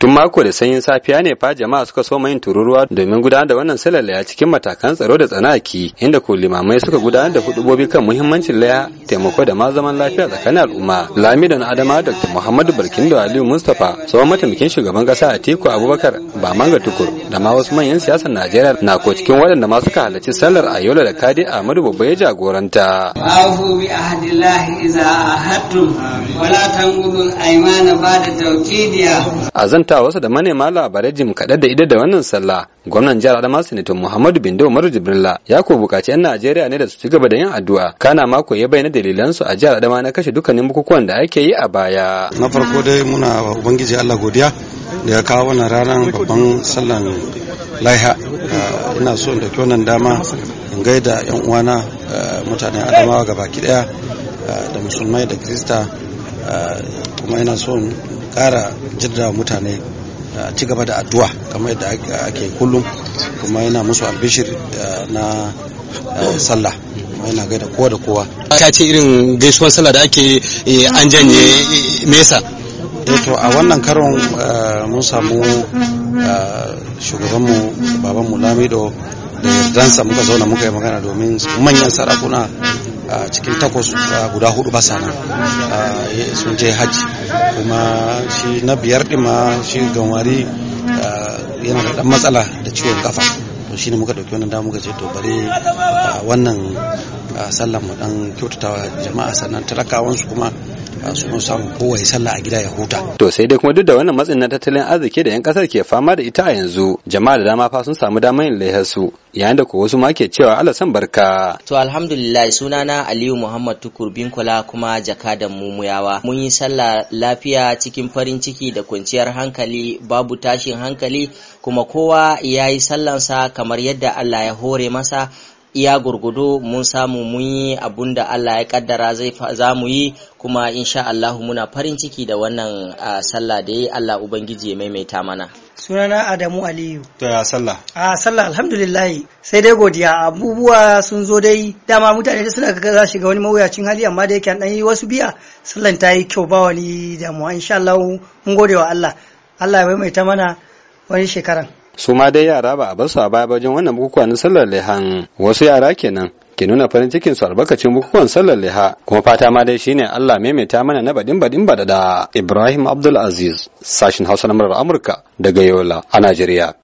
Tun mako da sanyin safiya ne fa jama'a suka soma yin tururuwa domin gudanar da wannan salar laya cikin matakan tsaro da tsanaki inda ko limamai suka gudanar da hudubobi kan muhimmancin laya taimako da ma zaman lafiya tsakanin al'umma. Lamidan Adama Dr. Muhammadu da Aliyu Mustapha tsohon mataimakin shugaban kasa teku Abubakar ba manga Tukur da ma wasu manyan siyasar Najeriya na ko cikin waɗanda ma suka halarci sallar Ayola da Kadi Ahmadu Babba ya jagoranta. Afu bi iza ahadtum wala tanqudul aymana ba'da a zanta wasu da manema labarai jim kaɗa da ida da wannan sallah gwamnan jihar adama sanitin muhammadu bindo umaru jibrila ya ko bukaci 'yan najeriya ne da su ci gaba da yin addu'a kana mako ya bayyana dalilansu a jihar adama na kashe dukkanin bukukuwan da ake yi a baya na farko dai muna ubangiji allah godiya da ya kawo wannan ranar babban sallan laiha ah, ina so in ɗauki wannan dama in gaida 'yan uwana ah, mutanen adamawa gaba ki ɗaya ah, da musulmai da kirista kuma ina so kara jirda mutane a ci gaba da addu'a kamar yadda ake kullum kuma yana musu albishir na sallah kuma yana gaida kowa da kowa Ta ce irin gaisuwar sallah da ake e, an janye e, mesa eh to a wannan karon mun samu shugabanmu babanmu lamido da yardansa muka zauna muka yi magana domin manyan sarakuna cikin takwas guda hudu ba sana eh, sun je hajji kuma shi na biyar ma shi gamari yana da ɗan matsala da ciwon kafa to shi ne muka dauki wannan damu muka ce to bari wannan sallan mu dan kyautatawa jama'a sannan talakawansu kuma su mun samu sallah a gida ya huta to sai dai kuma duk da wannan matsin na tattalin arziki da yan kasar ke fama da ita a yanzu jama'a da dama fa sun samu damar yin yayin da ko wasu ma ke cewa Allah san barka to alhamdulillah sunana Aliyu Muhammad Tukur Kula kuma jaka jakadan mumuyawa mun yi sallah lafiya cikin farin ciki da kwanciyar hankali babu tashin hankali kuma kowa ya yi sallansa kamar yadda Allah ya hore masa iya gurgudo mun samu mun yi abun da Allah ya kaddara zai za mu yi kuma insha Allah muna farin ciki da wannan sallah da yi Allah ubangiji ya maimaita mana sunana Adamu Aliyu to ya sallah a sallah alhamdulillah sai dai godiya abubuwa sun zo dai dama mutane da suna ga za shiga wani mawuyacin hali amma da yake an yi wasu biya sallan ta yi kyau ba wani damuwa insha Allah mun gode wa Allah Allah ya maimaita mana wani shekaran su ma dai yara ba a su a baya wajen wannan bukukuwa na sallar lehan wasu yara kenan ki nuna farin cikin su albarkacin bukukuwan sallar liha kuma fata ma dai shine Allah maimaita mana na badin badin badada Ibrahim Abdul Aziz sashin Hausa na Amurka daga Yola a Najeriya